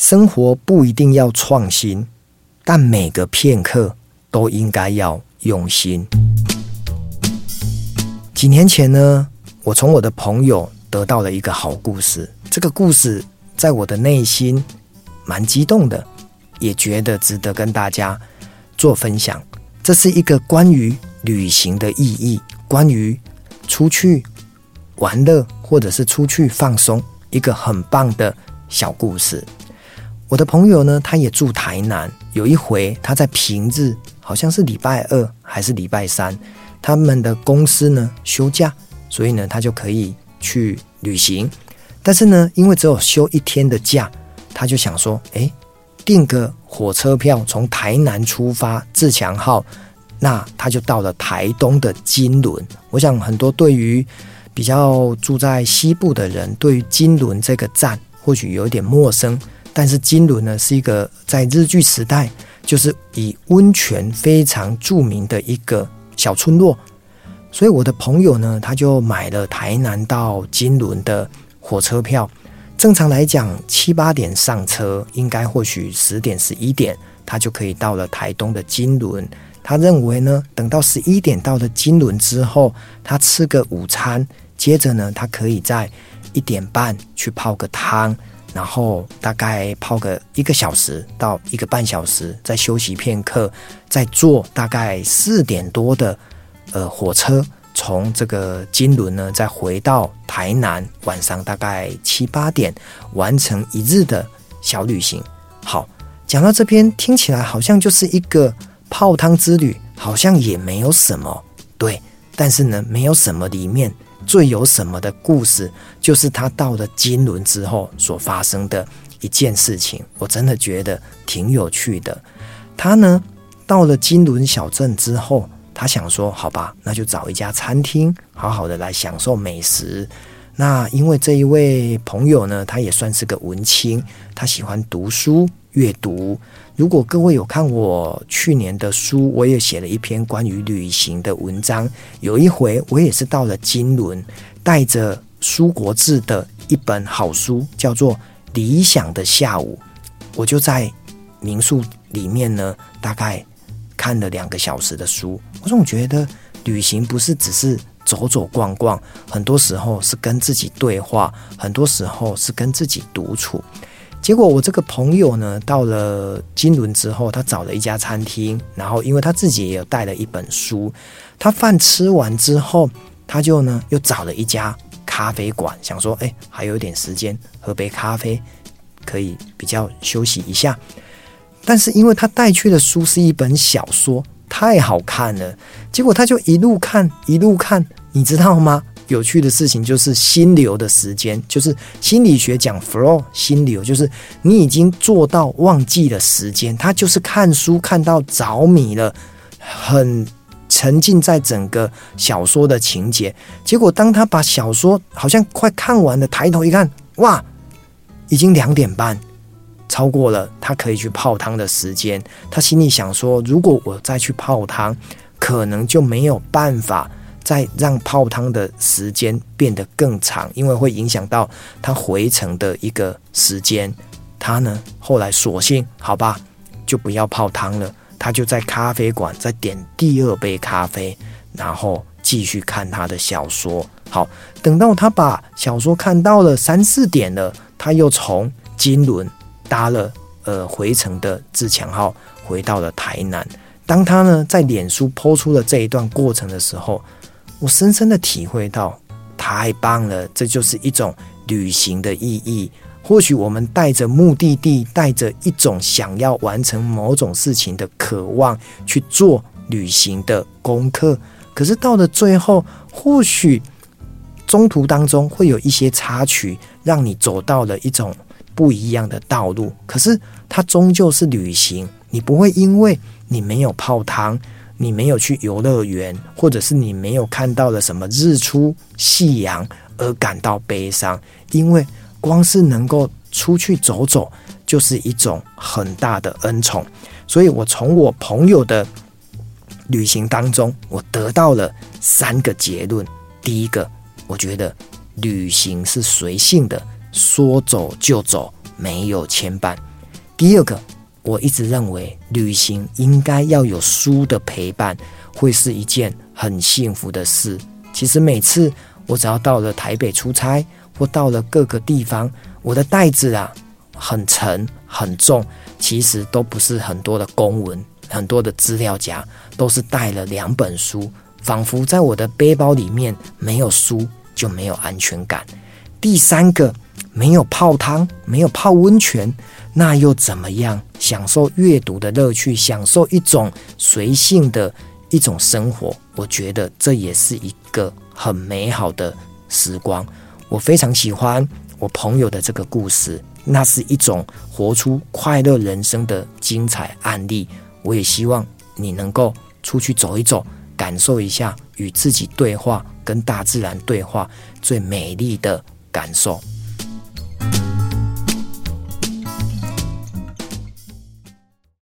生活不一定要創新，但每個片刻都應該要用心。幾年前呢，我從我的朋友得到了一個好故事，這個故事在我的內心蠻激動的，也覺得值得跟大家做分享。這是一個關於旅行的意義，關於出去玩樂或者是出去放鬆，一個很棒的小故事。我的朋友呢，他也住台南。有一回，他在平日，好像是禮拜二還是禮拜三，他們的公司呢休假，所以呢，他就可以去旅行。但是呢，因為只有休一天的假，他就想說，誒，訂個火車票從台南出發，自強號，那他就到了台東的金崙。我想，很多對於比較住在西部的人，對於金崙這個站或許有點陌生。但是金崙呢，是一個在日據時代就是以溫泉非常著名的一個小村落，所以我的朋友呢，他就買了台南到金崙的火車票。正常來講，七八點上車，應該或許十點十一點，他就可以到了台東的金崙。他認為呢，等到十一點到了金崙之後，他吃個午餐，接着呢，他可以在一點半去泡個湯。然後大概泡個一個小時到一個半小時，再休息片刻，再坐大概四點多的呃火車，從這個金崙呢再回到台南，晚上大概七八點完成一日的小旅行。好，講到這邊聽起來好像就是一個泡湯之旅，好像也沒有什麼對，但是呢，沒有什麼裡面。最有什麼的故事，就是他到了金輪之後所發生的一件事情。我真的覺得挺有趣的。他呢，到了金輪小鎮之後，他想說：“好吧，那就找一家餐廳，好好的來享受美食。”那因為這一位朋友呢，他也算是個文青，他喜歡讀書。閱讀，如果各位有看我去年的書，我也寫了一篇關於旅行的文章。有一回，我也是到了金崙，帶着舒國治的一本好書，叫做《理想的下午》，我就在民宿裡面呢，大概看了兩個小時的書。我總覺得，旅行不是只是走走逛逛，很多時候是跟自己對話，很多時候是跟自己獨處。結果我這個朋友呢，到了金崙之後，他找了一家餐廳，然後因為他自己也有帶了一本書，他飯吃完之後，他就呢又找了一家咖啡館，想說，哎，還有點時間，喝杯咖啡，可以比較休息一下。但是因為他帶去的書是一本小說，太好看了，結果他就一路看一路看，你知道嗎？有趣的事情就是心流的時間，就是心理學講 flow 心流，就是你已經做到忘記的時間。他就是看書看到着迷了，很沉浸在整個小說的情節。結果當他把小說好像快看完了，抬頭一看，哇，已經兩點半，超過了他可以去泡湯的時間。他心裡想說，如果我再去泡湯，可能就沒有辦法。再讓泡湯的時間變得更長，因為會影響到他回程的一個時間。他呢，後來索性好吧，就不要泡湯了。他就在咖啡館再點第二杯咖啡，然後繼續看他的小說。好，等到他把小說看到了三四點了，他又從金輪搭了呃回程的自強號回到了台南。當他呢在臉書 PO 出了這一段過程的時候，我深深的體會到，太棒了！這就是一種旅行的意義。或許我們帶着目的地，帶着一種想要完成某種事情的渴望去做旅行的功課。可是到了最後，或許中途當中會有一些插曲，讓你走到了一種不一樣的道路。可是它終究是旅行，你不會因為你沒有泡湯。你沒有去遊樂園，或者是你沒有看到了什麼日出、夕陽而感到悲傷，因為光是能夠出去走走就是一種很大的恩寵。所以，我從我朋友的旅行當中，我得到了三個結論：第一個，我覺得旅行是隨性的，說走就走，沒有牽絆；第二個，我一直認為，旅行應該要有書的陪伴，會是一件很幸福的事。其實每次我只要到了台北出差，或到了各個地方，我的袋子啊很沉很重，其實都不是很多的公文，很多的資料夾，都是帶了兩本書，仿佛在我的背包裡面沒有書就沒有安全感。第三個，沒有泡湯，沒有泡溫泉，那又怎麼樣？享受閱讀的樂趣，享受一種隨性的、一種生活，我覺得這也是一個很美好的時光。我非常喜歡我朋友的這個故事，那是一種活出快樂人生的精彩案例。我也希望你能夠出去走一走，感受一下與自己對話、跟大自然對話最美麗的感受。